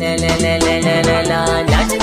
La Bismillah Rahim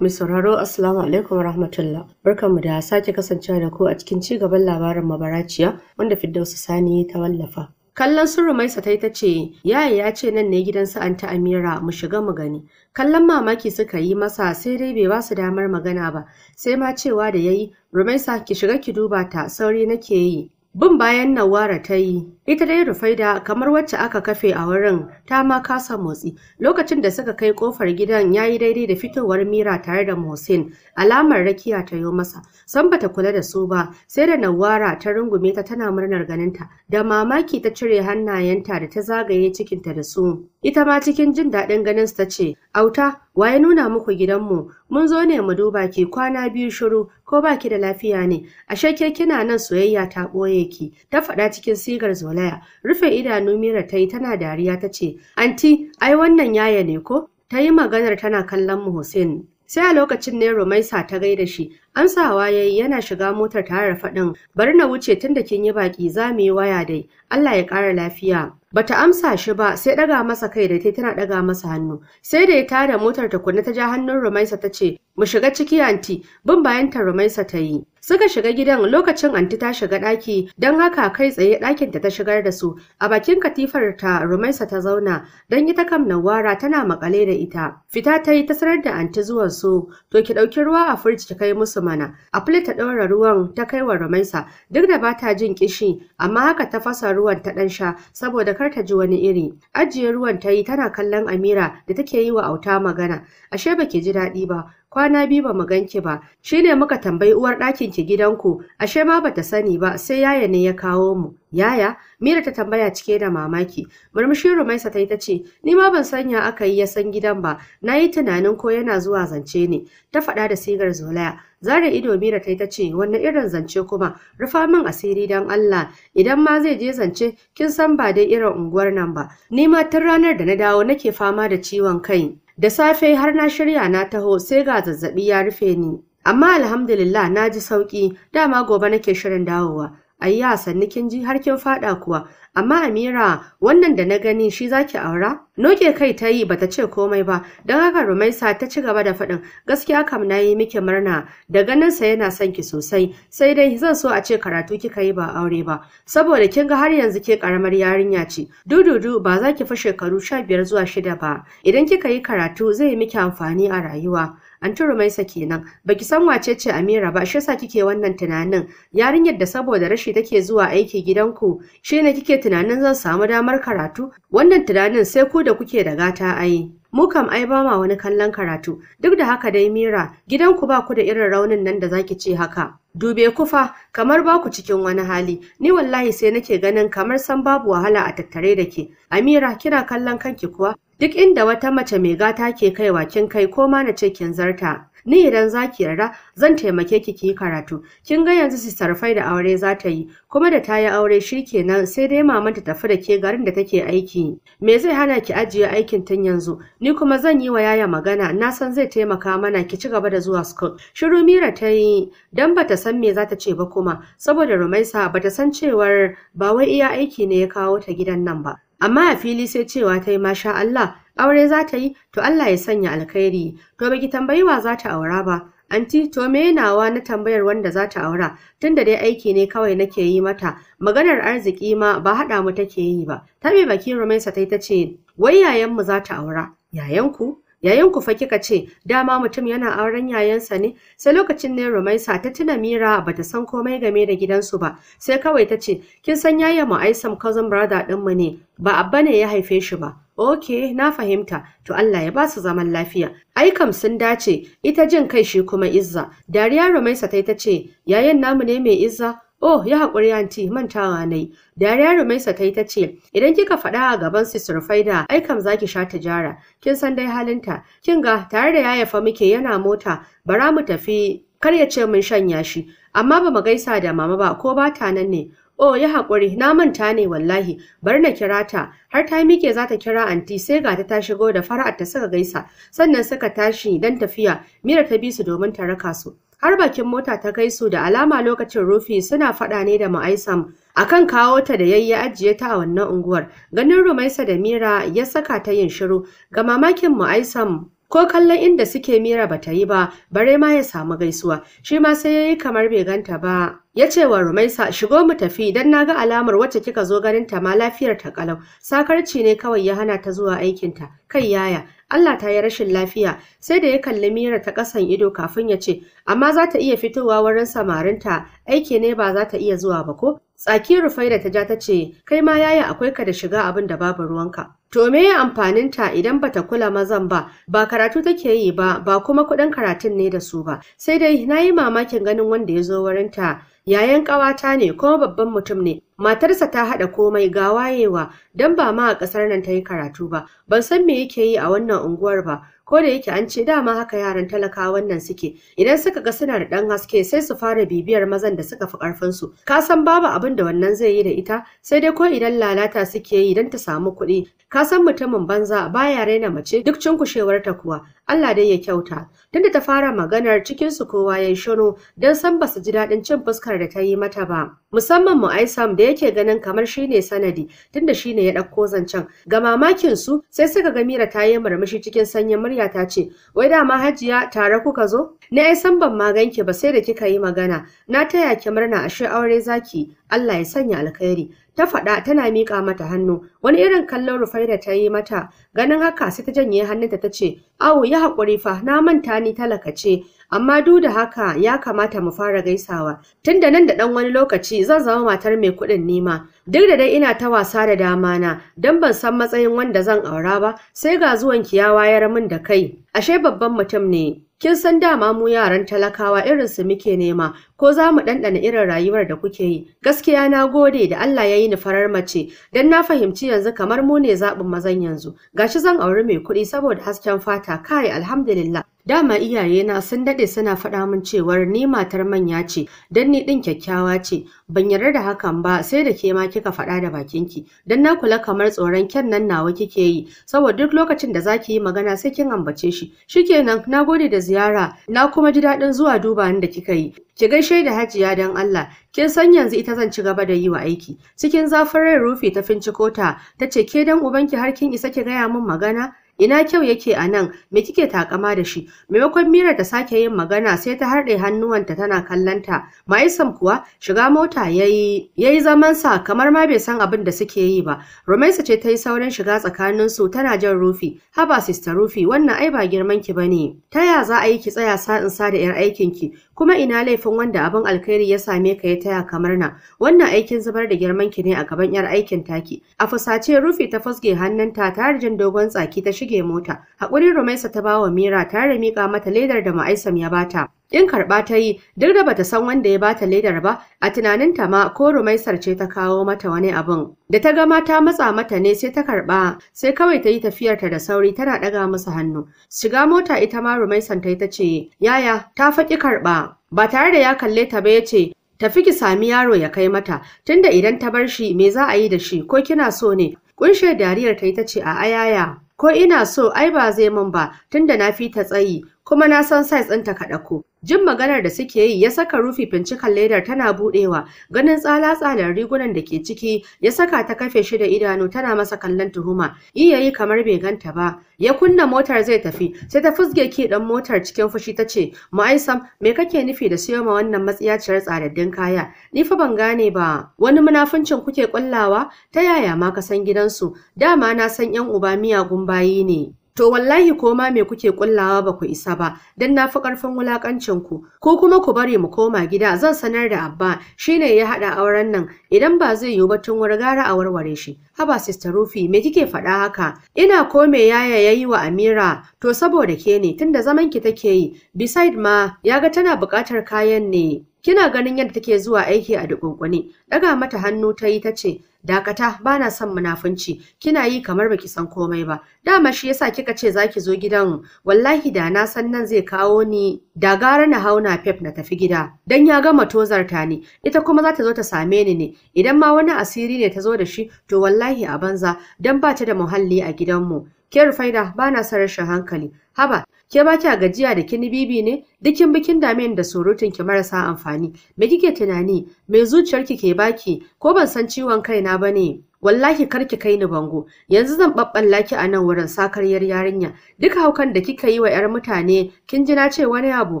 mai sauraro Assalamu alaikum rahmatullah. Barkanmu da sake kasancewa da ku a cikin ci gaban labarin mabaraciya wanda Firdausu Sani ta wallafa. Kallon su Rumaisa ta yi ta ce, "Yaya ya ce nan ne gidan su Anta Amira mu shiga mu gani." Kallon mamaki suka yi masa sai dai bai ba su damar magana ba, sai ma cewa da yayi, "Rumaisa ki shiga ki duba ta, sauri nake yi." Bin bayan Nawara ta yi, ita dai Rufaida kamar wacce aka kafe a wurin ta ma kasa motsi. Lokacin da suka kai kofar gidan ya yi daidai da fitowar Mira tare da Mohsin, alamar rakiya ta yi masa. San bata kula da su ba, sai da Nawara ta rungume ta tana murnar ganinta, da mamaki ta cire hannayenta da ta zagaye cikinta da su. Ita ma cikin jin daɗin ganin ta ce, "Auta, Wa ya nuna muku gidanmu? Mun zo ne mu duba ki kwana biyu shiru ko ba ki da lafiya ne? Ashe ke kina nan soyayya ta ɓoye ki. Ta faɗa cikin sigar zolaya. Rufe idanu Mira ta yi tana dariya ta ce, "Anti, ai wannan yaya ne ko?" Ta yi maganar tana kallon mu Hussein. Sai a lokacin ne romaisa ta gaida shi, Amsawa yayi yana shiga motar tare da faɗin bari na wuce tunda kin yi baki za mu yi waya dai Allah ya ƙara lafiya. Bata amsa shi ba sai ɗaga masa kai da ta tana ɗaga masa hannu. Sai da ya tada motar ta kunna ta ja hannun Rumaisa ta ce mu shiga ciki anti bin bayanta Rumaisa ta yi. Suka shiga gidan lokacin anti ta shiga ɗaki don haka kai tsaye ɗakinta ta shigar da su. A bakin katifar ta Rumaisa ta zauna don ita kam Nawara tana makale da ita. Fita ta yi ta sanar da anti zuwan su to ki ɗauki ruwa a firji ki kai musu mana. A ta ɗaura ruwan ta kai wa Rumaisa duk da ba ta jin kishi amma haka ta fasa ruwan ta ɗan sha saboda kar ta ji wani iri. Ajiye ruwan ta yi tana kallon Amira da take yi wa auta magana. Ashe baki ji daɗi ba kwana biyu ba mu ganki ba shi ne muka tambayi uwar ɗakin ki gidanku ashe ma bata sani ba sai yaya ne ya kawo mu yaya mira ta tambaya cike da mamaki murmushin rumaisa ta yi ta ce ni ma ban sanya aka yi ya san gidan ba na yi tunanin ko yana zuwa zance ne ta faɗa da sigar zolaya zare ido mira ta yi ta ce wannan irin zance kuma rufa min asiri don allah idan ma zai je zance kin san ba dai irin unguwar nan ba ni ma tun ranar da na dawo nake fama da ciwon kai Da safe har na shirya na taho sai ga zazzabi ya rufe ni. Amma alhamdulillah na ji sauki dama gobe nake shirin dawowa. Ayya sannu kin ji har kin fada kuwa. Amma Amira wannan da na gani shi zaki aura? Noke kai ta yi bata ce komai ba. dan haka Rumaisa ta ci gaba da faɗin gaskiya kam na yi miki murna da ganin sa yana son ki sosai. Sai dai zan so a ce karatu kika yi ba aure ba. Saboda kin ga har yanzu ke karamar yarinya ce. Dududu ba za ki fi shekaru sha biyar zuwa shida ba. Idan kika yi karatu zai miki amfani a rayuwa. an turu maisa kenan baki san wace ce Amira ba shi yasa kike wannan tunanin yarinyar da saboda rashi take zuwa aiki gidanku shine kike tunanin zan samu damar karatu wannan tunanin sai ku da kuke da gata ai mu kam ai ba ma wani kallon karatu duk da haka dai mira gidanku ba ku da irin raunin nan da zaki ce haka dube ku fa kamar ba ku cikin wani hali ni wallahi sai nake ganin kamar san babu wahala a tattare da ke amira kina kallon kanki kuwa Duk inda wata mace mai gata ke kaiwa kin kai ko ma na ce kin zarta. Ni idan za ki yarda zan taimake ki ki karatu. Kin ga yanzu su sarfai da aure za ta yi, kuma da ta yi aure shi kenan sai dai maman ta tafi da ke garin da take aiki. Me zai hana ki ajiye aikin tun yanzu? Ni kuma zan yi wa yaya magana, na san zai taimaka mana ki ci gaba da zuwa school. Shiru Mira ta yi dan bata san me za ta ce ba kuma, saboda Rumaisa bata san cewar ba wai iya aiki ne ya kawo ta gidan nan ba. amma a fili sai cewa ta yi masha Allah aure za ta yi to Allah ya sanya alkhairi to baki tambayi wa za ta aura ba anti to me nawa na tambayar wanda za ta aura tunda dai aiki ne kawai nake yi mata maganar arziki ma ba haɗa mu take yi ba ta baki rumaisa tai tace ta ce wai za ta aura 'Yayan ku? yayin ku fa kika ce dama mutum yana auren yayansa ne sai lokacin ne Rumaisa ta tuna Mira bata san komai game da gidansu ba sai kawai ta ce kin san yaya mu Aisam cousin brother din mu ne ba abba ne ya haife shi ba Ok, na fahimta, to Allah ya ba su zaman lafiya. Aikam sun dace, ita jin kai shi kuma Izza. Dariya Rumaisa ta ce, yayin namu ne mai Izza, Oh, ya haƙuri anti, mantawa na yi. Dariya Rumaisa ta yi ta ce, Idan kika faɗa a gaban Sister Faida, ai kam za ki sha ta jara. Kin san dai halinta. Kin ga, tare da yayafa muke yana mota, bara mu tafi kar ya ce mun shanya shi. Amma ba mu gaisa da mama ba, ko ba ta nan ne. Oh, ya haƙuri, na manta ne wallahi, bari na kira ta, har ta yi mike za ta kira anti sai ga ta shigo da fara'ar ta suka gaisa, sannan suka tashi don tafiya, mira ta bi su domin ta raka su. har bakin mota ta kai su da alama lokacin rufi suna faɗa ne da ma'aisam akan kawo ta da yayya ajiye ta a wannan unguwar ganin rumaisa da mira ya saka ta yin shiru ga mamakin ma'aisam ko kallon inda suke mira bata yi ba bare ma ya samu gaisuwa shi ma sai yayi kamar bai ganta ba ya ce wa rumaisa shigo mu tafi idan na ga alamar wacce kika zo ganin ta ma lafiyar ta kalau sakarci ne kawai ya hana ta zuwa aikinta kai yaya Allah ta yi rashin lafiya sai da ya kalli mira ta kasan ido kafin ya ce amma za ta iya fitowa wurin samarinta aiki ne ba za ta iya zuwa ba ko Tsaki Rufaida ta ja ta ce, Kai ma yaya akwai ka da shiga abin da babu ruwanka. To me ya amfanin ta idan bata kula mazan ba, ba karatu take yi ba, ba kuma kuɗin karatun ne da su ba. Sai dai na yi mamakin ganin wanda ya zo ta Yayan ƙawata ne kuma babban mutum ne. Matarsa ta haɗa komai ga wayewa don ba ma a ƙasar nan ta yi karatu ba. Ban san me yake yi a wannan unguwar ba. ko da yake an ce dama haka yaran talakawan nan suke idan suka ga suna da dan haske sai su fara bibiyar mazan da suka fi karfin su ka san babu abin da wannan zai yi da ita sai dai ko idan lalata suke yi don ta samu kuɗi ka san mutumin banza baya raina mace duk cinkushewar ta kuwa Allah dai ya kyauta tunda ta fara maganar cikin su kowa ya shiru don san basu ji daɗin cin fuskar da ta yi mata ba musamman mu aisam da yake ganin kamar shine sanadi tunda shine ya ɗauko zancen ga mamakin su sai suka ga Mira ta yi murmushi cikin sanyin murya ta ce, "Wai dama Hajiya tare kuka zo?" Na ai san ban ma ganki ba sai da kika yi magana. Na taya ki murna ashe aure zaki. Allah ya sanya alkhairi. Ta faɗa tana miƙa mata hannu. Wani irin kallon Rufaida ta yi mata. Ganin haka sai ta janye hannunta ta ce, "Awo ya haƙuri fa, na manta ni talaka ce. amma duk da haka ya kamata mu fara gaisawa tunda nan da dan wani lokaci zan zama matar mai kuɗin nima duk da dai ina ta wasa da dama na dan ban san matsayin wanda zan aura ba sai ga zuwan kiyawa ya min da kai ashe babban mutum ne kin san dama mu yaran talakawa irin su muke nema ko za mu ɗanɗana irin rayuwar da kuke yi gaskiya na gode da Allah ya yi ni farar mace dan na fahimci yanzu kamar mu ne zaɓin mazan yanzu gashi zan auri mai kuɗi saboda hasken fata kai alhamdulillah Dama iyayena sun dade suna faɗa min cewar ni matar manya ce, don ni ɗin kyakkyawa ce, ban yarda da hakan ba sai da ke ma kika faɗa da bakinki, don na kula kamar tsoron kyan nan nawa kike yi, saboda duk lokacin da za ki yi magana sai kin ambace shi. Shikenan, na gode da ziyara, na kuma ji daɗin zuwa duba da kika yi. Ki gaishe da Hajiya don Allah, kin san yanzu ita zan ci gaba da yi wa aiki. Cikin zafin rai rufi ta finciko ta, ta ce ke dan ubanki har kin isa ki gaya min magana? ina kyau yake a nan me kike takama da shi maimakon mira ta sake yin magana sai ta harɗe hannuwanta tana kallanta maisam kuwa shiga mota yayi yayi zaman sa kamar ma bai san abin da suke yi ba romaisa ce ta yi saurin shiga tsakanin su tana jan rufi haba sister rufi wannan ai ba girman ki bane ta ya za a yi ki tsaya sa'in sa da yar aikin ki kuma ina laifin wanda abin alkhairi ya same ka ya taya kamar na wannan aikin zubar da girman ki ne a gaban yar aikin taki a fusace rufi ta fusge hannunta tare rijin dogon tsaki ta shige mota hakuri rumaisa ta bawa mira tare mika mata ledar da ma'aisam ya bata in karɓa ta yi duk da bata san wanda ya bata ledar ba a tunaninta ma ko rumaisar ce ta kawo mata wani abun da ta gama ta matsa mata ne sai ta karɓa sai kawai ta yi tafiyarta da sauri tana ɗaga musu hannu shiga mota ita ma Rumaisar ta yi ta ce yaya ta faki karɓa ba tare da ya kalle ta ba ya ce tafi ki sami yaro ya kai mata tunda idan ta bar shi me za a yi da shi ko kina so ne kunshe dariyar ta yi ta ce a ayaya ko ina so ai ba zai mun ba tunda na fi ta tsayi kuma na san size ɗinta ka ɗauko Jin maganar da suke yi ya saka rufi fincikan ledar tana budewa, ganin tsala-tsalar rigunan da ke ciki ya saka ta kafe shi da idanu tana masa kallon tuhuma. Iya yi kamar bai ganta ba. Ya kunna motar zai tafi, sai ta fusge ke dan motar cikin fushi ta ce, "Mu'aisam, me kake nufi da siyo ma wannan matsiyaciyar tsadaddin kaya? Ni fa ban gane ba. Wani munafincin kuke kullawa? Ta yaya ma ka san gidansu? Dama na san 'yan uba miyagun bayi ne." To wallahi ko ma me kuke kullawa ba ku isa ba, don na fi ƙarfin wulaƙancin ku. Ko kuma ku bari mu koma gida zan sanar da Abba shine ya haɗa auren nan idan ba zai yiwu ba tun wargara gara a warware shi. Haba Sister Rufi me kike faɗa haka? Ina ko me yaya ya yi wa Amira to saboda ke ne tunda zaman ki take yi. Beside ma ya ga tana buƙatar kayan ne. Kina ganin yadda take zuwa aiki a dukunkuni. Ɗaga mata hannu ta yi ta ce Dakata bana son munafunci kina yi kamar baki san komai ba dama shi yasa kika ce zaki zo gidan wallahi da na san nan zai kawo ni da gara na hauna pep na tafi gida dan ya gama tozarta ni ita kuma za ta zo ta same ni ne idan ma wani asiri ne ta zo da shi to wallahi a banza dan ba ta da muhalli a gidanmu ke rufaida bana son rashin hankali haba ke ba kya gajiya da kini bibi ne Dukkin bikin damen da surutun ki marasa amfani me kike tunani me zuciyar ki ke baki ko ban san ciwon kai kaina bane wallahi kar ki kai ni bango yanzu zan babballa ki a nan wurin sakar 'yar yarinya duk haukan da kika yi wa yar mutane kin ji na ce wani abu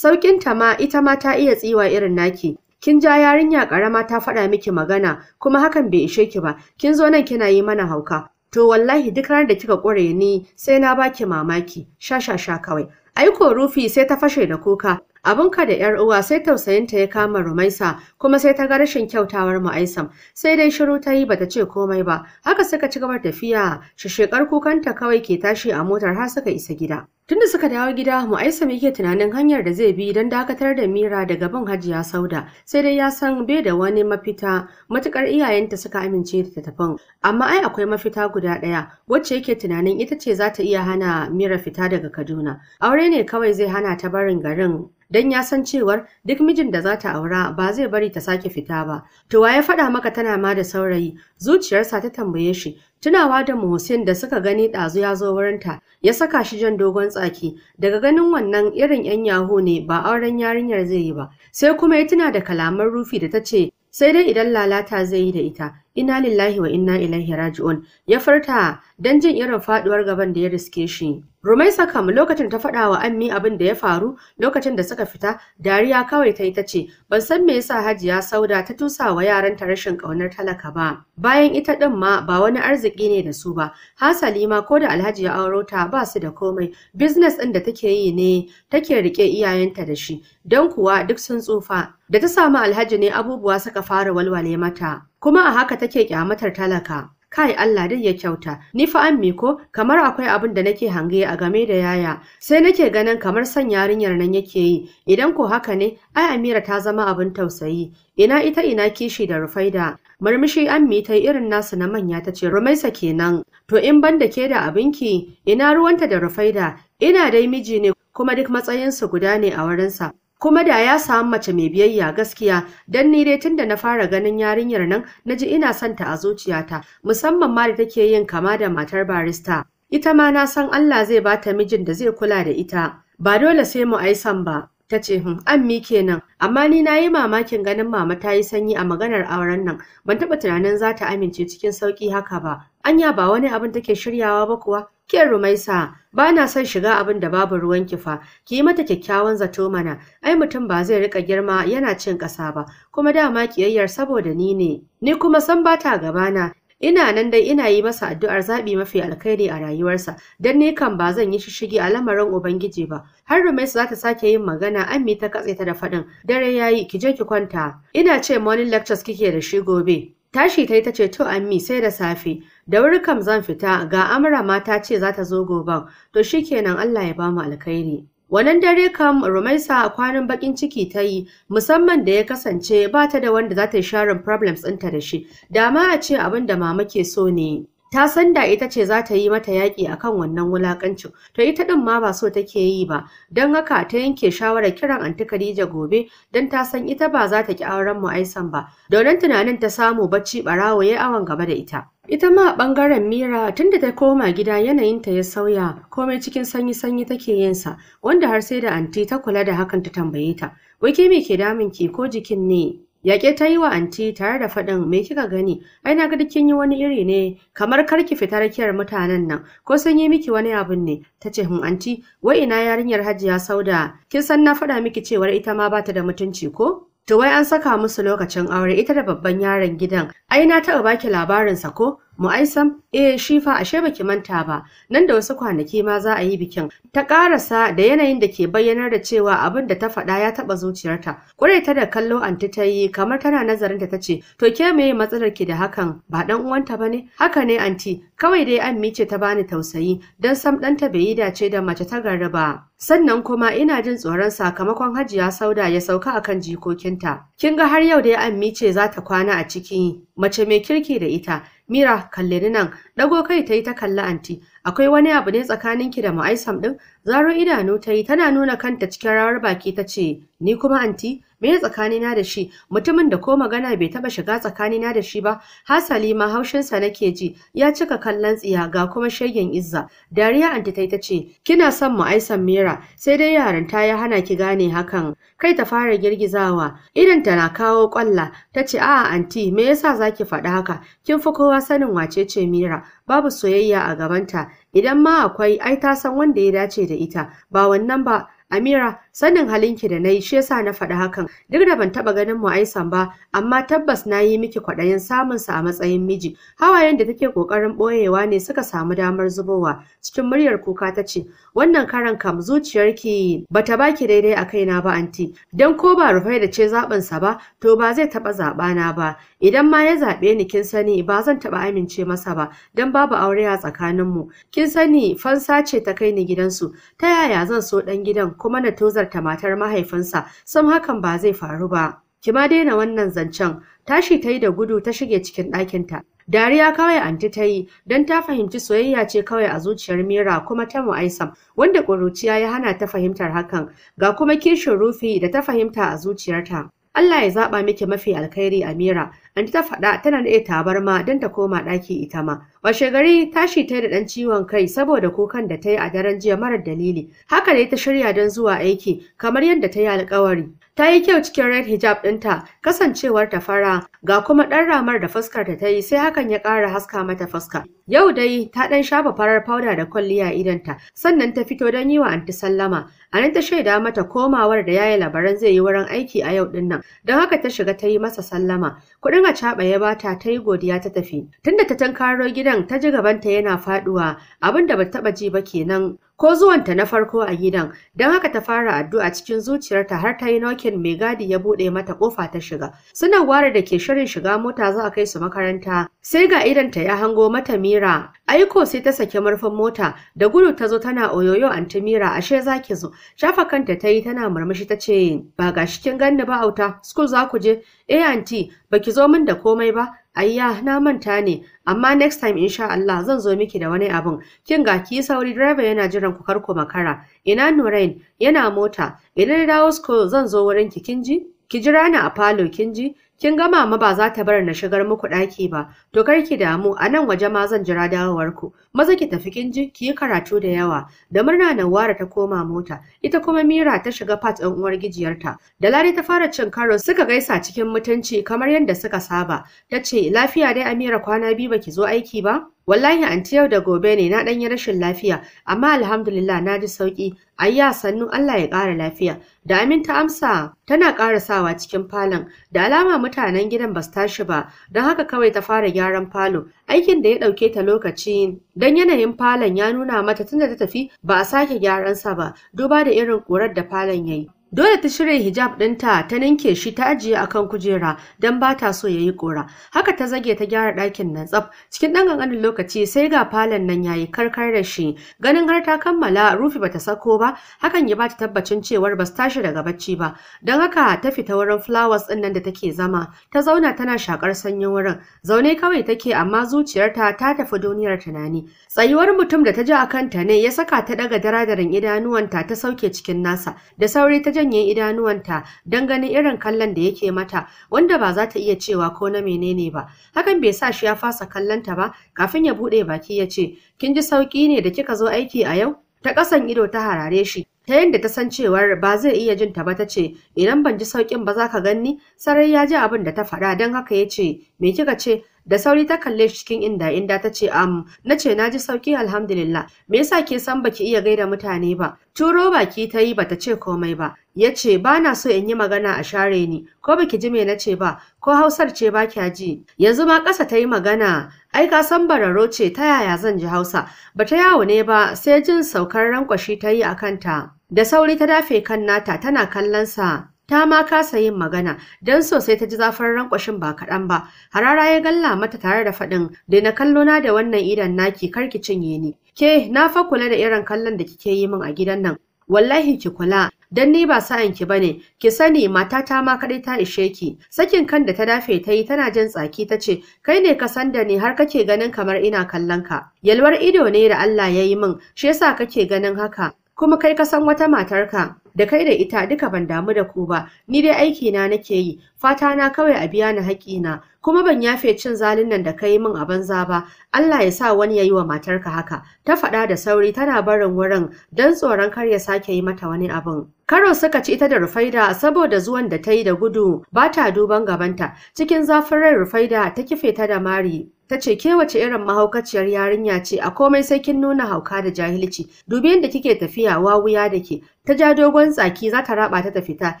saukin ta ma ita ma ta iya tsiwa irin naki kin ja yarinya karama ta faɗa miki magana kuma hakan bai ishe ki ba kin zo nan kina yi mana hauka To wallahi duk ranar da kika ƙure ni sai na baki mamaki, shashasha kawai. Aiko Rufi sai ta fashe da kuka, abinka da ‘yar uwa sai tausayinta ya kama Rumaisa kuma sai ta ga rashin kyautawar mu aisam sai dai shiru ta yi bata ce komai ba haka suka ci gaba tafiya shishekar kukanta kawai ke tashi a motar har suka isa gida Tunda suka dawo gida, Mu'aisam yake tunanin hanyar da zai bi don dakatar da Mira daga bin Hajiya Sauda, sai dai ya san bai da wani mafita matukar iyayenta suka amince da tafin. Amma ai akwai mafita guda ɗaya, wacce yake tunanin ita ce za ta iya hana Mira fita daga Kaduna. Aure ne kawai zai hana ta barin garin don ya san cewar duk mijin da za ta aura ba zai bari ta sake fita ba. To wa ya faɗa maka tana ma da saurayi? Zuciyarsa ta tambaye shi, Tunawa da Muhsin da suka gani ɗazu ya zo wurinta, ya saka shi jan dogon tsaki, daga ganin wannan irin ‘yan yahoo ne ba auren yarinyar zai yi ba, sai kuma ya tuna da kalaman rufi da ta ce, sai dai idan lalata zai yi da ita, Ina lillahi wa inna ilaihi raji'un ya furta don jin irin faduwar gaban da ya riske shi. Rumaisa kam lokacin ta faɗa wa Ammi abin da ya faru lokacin da suka fita dariya kawai ta yi ta ce ban san me yasa Hajiya Sauda ta tusa wa ta rashin ƙaunar talaka ba. Bayan ita ɗin ma ba wani arziki ne da su ba. Hasali ma ko da Alhaji ya auro ta ba su da komai. Business ɗin da take yi ne take rike iyayenta da shi. dan kuwa duk sun tsufa. Da ta samu Alhaji ne abubuwa suka fara walwale mata. kuma a haka take kyamatar talaka kai Allah dai ya kyauta ni fa an miko. kamar akwai abin da nake hange a game da yaya sai nake ganin kamar san yarinyar nan yake yi idan ko haka ne ai Amira ta zama abin tausayi ina ita ina kishi da Rufaida murmushi ammi ta irin nasu na manya ta ce Rumaisa kenan to in banda ke da abinki ina ruwanta da Rufaida ina dai miji ne kuma duk matsayinsu guda ne a wurinsa kuma da ya samu mace mai biyayya gaskiya dan ni dai tunda na fara ganin yarinyar nan naji ina son ta a zuciyata musamman ma da take yin kama da matar barista ita ma na san Allah zai bata mijin da zai kula da ita ba dole sai mu ai san ba ta ce hun hmm, an mi kenan amma ni na yi mamakin ganin mama ta yi sanyi a maganar auren nan ban taɓa tunanin za ta amince cikin sauƙi haka ba anya ba wani abin take shiryawa ba kuwa Ke Rumaisa, ba na son shiga abin da babu ruwan kifa, ki yi mata kyakkyawan zato mana, ai mutum ba zai rika girma yana cin ƙasa ba, kuma dama kiyayyar saboda ni ne. Ni kuma san bata gabana, ina nan dai ina yi masa addu'ar zaɓi mafi alkhairi a rayuwarsa, dan ni kan ba zan yi shishigi a lamarin Ubangiji ba. Har Rumaisa za ta sake yin magana, Ammi ta katse ta da faɗin, dare yayi ki je ki kwanta. Ina ce morning lectures kike da shi gobe. Tashi ta yi ta ce to Ammi sai da safe. Da wuri kam zan fita ga amara mata ce za ta zo gobe. to shi kenan Allah ya ba mu alkhairi. Wannan dare kam Rumaisa a kwanan bakin ciki ta yi musamman da ya kasance ba ta da wanda za ta yi sharin problems ɗinta da shi, dama a ce abin da mama ke so ne. ta san da ita ce za ta yi mata yaƙi a kan wannan wulaƙancin to ita ɗin ma ba so take yi ba don haka ta yanke shawarar kiran anti Khadija gobe don ta san ita ba za ta ki auren mu aisan ba Da wannan tunanin ta samu bacci ɓarawo ya awon gaba da ita Ita ma a ɓangaren Mira tunda ta koma gida yanayinta ya sauya komai cikin sanyi-sanyi take yinsa wanda har sai da anti ta kula da hakan ta tambaye ta. Wai ke me ke damun ki ko jikin ne? Yaƙe ta yi wa anti tare da faɗin me kika gani? Ai na ga kin yi wani iri ne kamar kar ki fita rakiyar mutanen nan ko san yi miki wani abun ne? Ta ce hun hmm, anti wai ina yarinyar Hajiya Sauda kin san na faɗa miki cewar ita ma bata da mutunci ko? To wai an saka musu lokacin aure ita da babban yaron gidan. Ai na taɓa baki labarinsa ko? Mu Mu'aisam, eh shi fa ashe baki manta ba, nan da wasu kwanaki ma za a yi bikin. Ta karasa da yanayin da ke bayyanar da cewa abin da ta faɗa ya taɓa zuciyarta. kure ta da kallo anti ta yi kamar tana nazarin ta tace, "To ke me matsalar ki da hakan? Ba dan uwanta bane?" Haka ne anti, kawai dai an mice ta bani tausayi dan sam ɗanta bai yi dace da mace ta garra ba. sannan kuma ina jin tsoron sakamakon hajiya sauda ya sauka akan jikokinta kin ga har yau dai an mice za ta kwana a ciki mace mai kirki da ita Mira, kalle ni nan. Dago kai ta yi ta kalli anti. Akwai wani abu ne tsakaninki da Ma'aisam din? Zaro idanu ta yi tana nuna kanta cikin rawar baki ta ce, Ni kuma anti, me tsakanina da shi mutumin da ko magana bai taba shiga tsakanina da shi ba hasali ma haushinsa nake ji ya cika kallon tsiya ga kuma shegen izza dariya anti tai ta ce kina son mu aisan mira sai dai yaran ta ya hana ki gane hakan kai ta fara girgizawa idan ta na kawo kwalla ta ce a'a anti me yasa zaki faɗi haka kin fi kowa sanin wace ce mira babu soyayya a gabanta idan ma akwai ai ta san wanda ya dace da ita ba wannan ba Amira sanin halinki da nayi shi yasa na faɗi hakan duk da ban taɓa ganin mu aisan ba amma tabbas na yi miki kwaɗayin samun sa a matsayin miji hawayen da take ƙoƙarin ɓoyewa ne suka samu damar zubowa cikin muryar kuka ta ce wannan karan kam zuciyarki bata baki daidai a kaina ba anti dan ko ba rufai da ce zaɓinsa sa ba to ba zai taɓa zaɓa na ba idan ma ya zaɓe ni kin sani ba zan taɓa amince masa ba dan babu aure a tsakaninmu kin sani fansa ce ta kai ni gidansu ta yaya zan so ɗan gidan kuma na tozar ta matar mahaifinsa sam hakan ba zai faru ba ki ma daina wannan zancen tashi ta yi da gudu ta shige cikin ɗakinta dariya kawai anti ta yi don ta fahimci soyayya ce kawai a zuciyar mira kuma ta mu'aisam wanda ƙuruciya ya hana ta fahimtar hakan ga kuma kishin rufi da ta fahimta a zuciyarta Allah ya zaba miki mafi alkhairi Amira anti ta faɗa tana da tabarma don ta koma ɗaki ita ma washe gari tashi ta da ɗan ciwon kai saboda kukan da ta yi a daren jiya marar dalili haka ne ta shirya don zuwa aiki kamar yadda ta yi alkawari Ta yi kyau cikin red hijab ɗinta, kasancewar ta fara, ga kuma ɗan ramar da fuskar ta ta yi sai hakan ya ƙara haska mata fuska. Yau dai ta ɗan shafa farar fauda da kwalliya idanta, sannan ta fito don yi wa anti sallama. nan ta shaida mata komawar da yayi labaran zai yi wurin aiki a yau ɗin nan, don haka ta shiga ta yi masa sallama. Kuɗin a ya bata ta yi godiya ta tafi. Tunda ta tankaro gidan ta ji gabanta yana faɗuwa, abin da ba taɓa ji ba kenan ko zuwanta na farko a gidan don haka ta fara addu'a cikin zuciyarta har ta yi nokin mai gadi ya buɗe mata ƙofa ta shiga suna gwara da ke shirin shiga mota za a kai su makaranta sai ga idanta ya hango mata mira aiko sai ta saki murfin mota da gudu ta zo tana oyoyo ta mira ashe za ki zo shafa kanta ta yi tana murmushi ta ce ba ga shi kin ganni ba auta school za ku je eh anti baki zo min da komai ba Ayya, na manta ne, amma next time insha Allah zan zo miki da wani abun. Kin ga ki sauri driver yana jiran ku karko makara. Ina Nurain, yana mota. Idan na dawo school zan zo wurin ki kinji Ki jira ni a falo kinji ji? Kin ga mama ba za ta bar na shigar muku ɗaki ba, to kar ki damu a nan waje ma zan jira dawowarku. Maza ki tafi kinji ki yi karatu da yawa. Da murna na wara ta koma mota, ita kuma Mira ta shiga fat ɗin uwar gijiyarta. Da Ladi ta fara cin karo suka gaisa cikin mutunci kamar yadda suka saba. Ta ce lafiya dai Amira kwana biyu baki zo aiki ba? Wallahi anti yau da gobe ne na ɗanyi rashin lafiya, amma alhamdulillah na ji sauƙi. Ayya sannu Allah ya ƙara lafiya. da amin ta amsa tana karasawa cikin falon da alama mutanen gidan ba su tashi ba don haka kawai ta fara gyaran falo aikin da ya ɗauke ta lokaci don yanayin falon ya nuna mata tunda ta tafi ba a sake gyaran sa ba duba da irin ƙurar da falon ya yi Dole ta shirya hijab ɗinta ta ninke shi ta ajiye a kan kujera don ba ta so ya yi ƙora, Haka ta zage ta gyara ɗakin nan tsaf. Cikin ɗan ƙanƙanin lokaci sai ga falon nan ya yi karkar da shi. Ganin har ta kammala rufi bata sako ba, hakan ya ba ta tabbacin cewar ba su tashi daga bacci ba. Don haka ta fita wurin flowers ɗin nan da take zama. Ta zauna tana shakar sanyin wurin. Zaune kawai take amma zuciyarta ta tafi duniyar tunani. Tsayuwar mutum da ta ji a kanta ne ya saka ta ɗaga daradarin idanuwanta ta sauke cikin nasa. Da sauri ta je janye idanuwanta don ganin irin kallon da yake mata wanda ba za ta iya cewa ko na menene ba hakan bai sa shi ya fasa kallonta ba kafin ya bude baki ya ce kin ji sauki ne da kika zo aiki a yau ta ƙasan ido ta harare shi ta yadda ta san cewar ba zai iya jin ta ba ta ce idan ban ji sauƙin ba za ka ganni sarai ya ji abin da ta faɗa don haka ya ce me kika ce Da sauri ta kalle shi cikin inda inda ta ce am na ce na ji sauki alhamdulillah me yasa ke san baki iya gaida mutane ba turo baki ta yi bata ce komai ba ya ce ba na so in yi magana a share ni ko baki ji me na ce ba ko hausar ce ba kya ji yanzu ma ƙasa ta yi magana ai ka san bararo ce ta yaya zan ji hausa bata yawo ne ba sai jin saukar rankwashi ta yi a kanta da sauri ta dafe kan nata tana kallon sa ta ma kasa yin magana don sosai ta ji zafin rankwashin ba kaɗan ba harara ya galla mata tare da faɗin da na kallo na da wannan idan naki karki cinye ni ke na fa kula da irin kallon da kike yi min a gidan nan wallahi ki kula dan ni ba sa'an ki bane ki sani matata ma kadai ta ishe ki sakin kan da ta dafe ta yi tana jin tsaki ta ce kai ne ka san da ni har kake ganin kamar ina kallon ka yalwar ido ne da Allah ya yi min shi yasa kake ganin haka kuma kai ka san wata matar ka da kai da ita duka ban damu da ku ba ni dai aiki na nake yi fata na kawai a biya ni haƙina kuma ban yafe cin zalin nan da ka yi min a banza ba Allah ya sa wani ya yi wa matarka haka ta faɗa da sauri tana barin wurin don tsoron kar ya sake yi mata wani abin karo suka ci ita da rufaida saboda zuwan da ta yi da gudu ba ta duban gabanta cikin zafin rai rufaida ta kife ta da mari ta ce ke wace irin mahaukaciyar yarinya ce a komai sai kin nuna hauka da jahilci dubi yadda kike tafiya wawuya dake. ta ja dogon tsaki za ta raba ta fita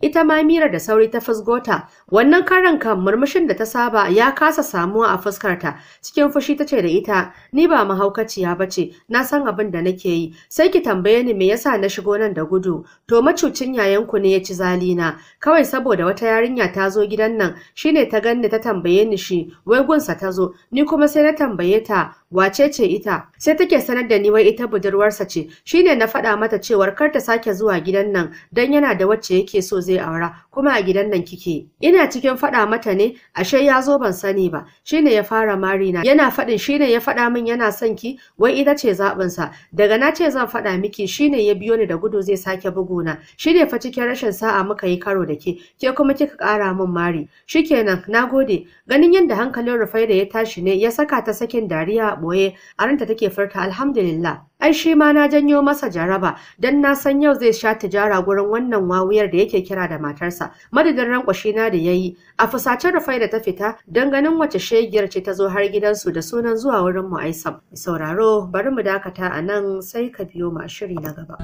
ita ma mira da sauri ta fusgota wannan karan kan murmushin da ta saba ya kasa samuwa a fuskarta cikin fushi ta ce da ita ni ba mahaukaciya ba ce na san abin da nake yi sai ki tambaye ni me yasa na shigo nan da gudu to macucin 'ya'yanku ne ya ci zalina kawai saboda wata yarinya ta zo gidan nan shine ta ganni ta tambaye ni shi wai gunsa ta zo ni kuma sai na tambaye ta wace ce ita sai take sanar da ni wai ita budurwarsa ce shine na faɗa mata cewar kar ta sake zuwa gidan nan dan yana da wacce yake so zai aura kuma a gidan nan kike ina cikin faɗa mata ne ashe ya zo ban sani ba shine ya fara mari marina yana faɗin shine ya faɗa min yana son ki wai ita ce zaɓin sa daga na ce zan faɗa miki shine ya biyo ni da gudu zai sake buguna shine fa cikin rashin sa'a muka yi karo da ke ke kuma kika ƙara min mari shikenan nagode ganin yadda hankalin rufai da ya tashi ne ya saka ta sakin dariya a ɓoye take furta alhamdulillah ai shi ma na janyo masa jaraba dan na san yau zai sha tijara gurin wannan wawuyar da yake kira da matarsa madadin rankwashi na da yayi a fusace rufai da ta fita dan ganin wace shegiyar ce ta zo har gidansu da sunan zuwa wurin mu Aisam sauraro bari mu dakata a nan sai ka biyo mu a shiri na gaba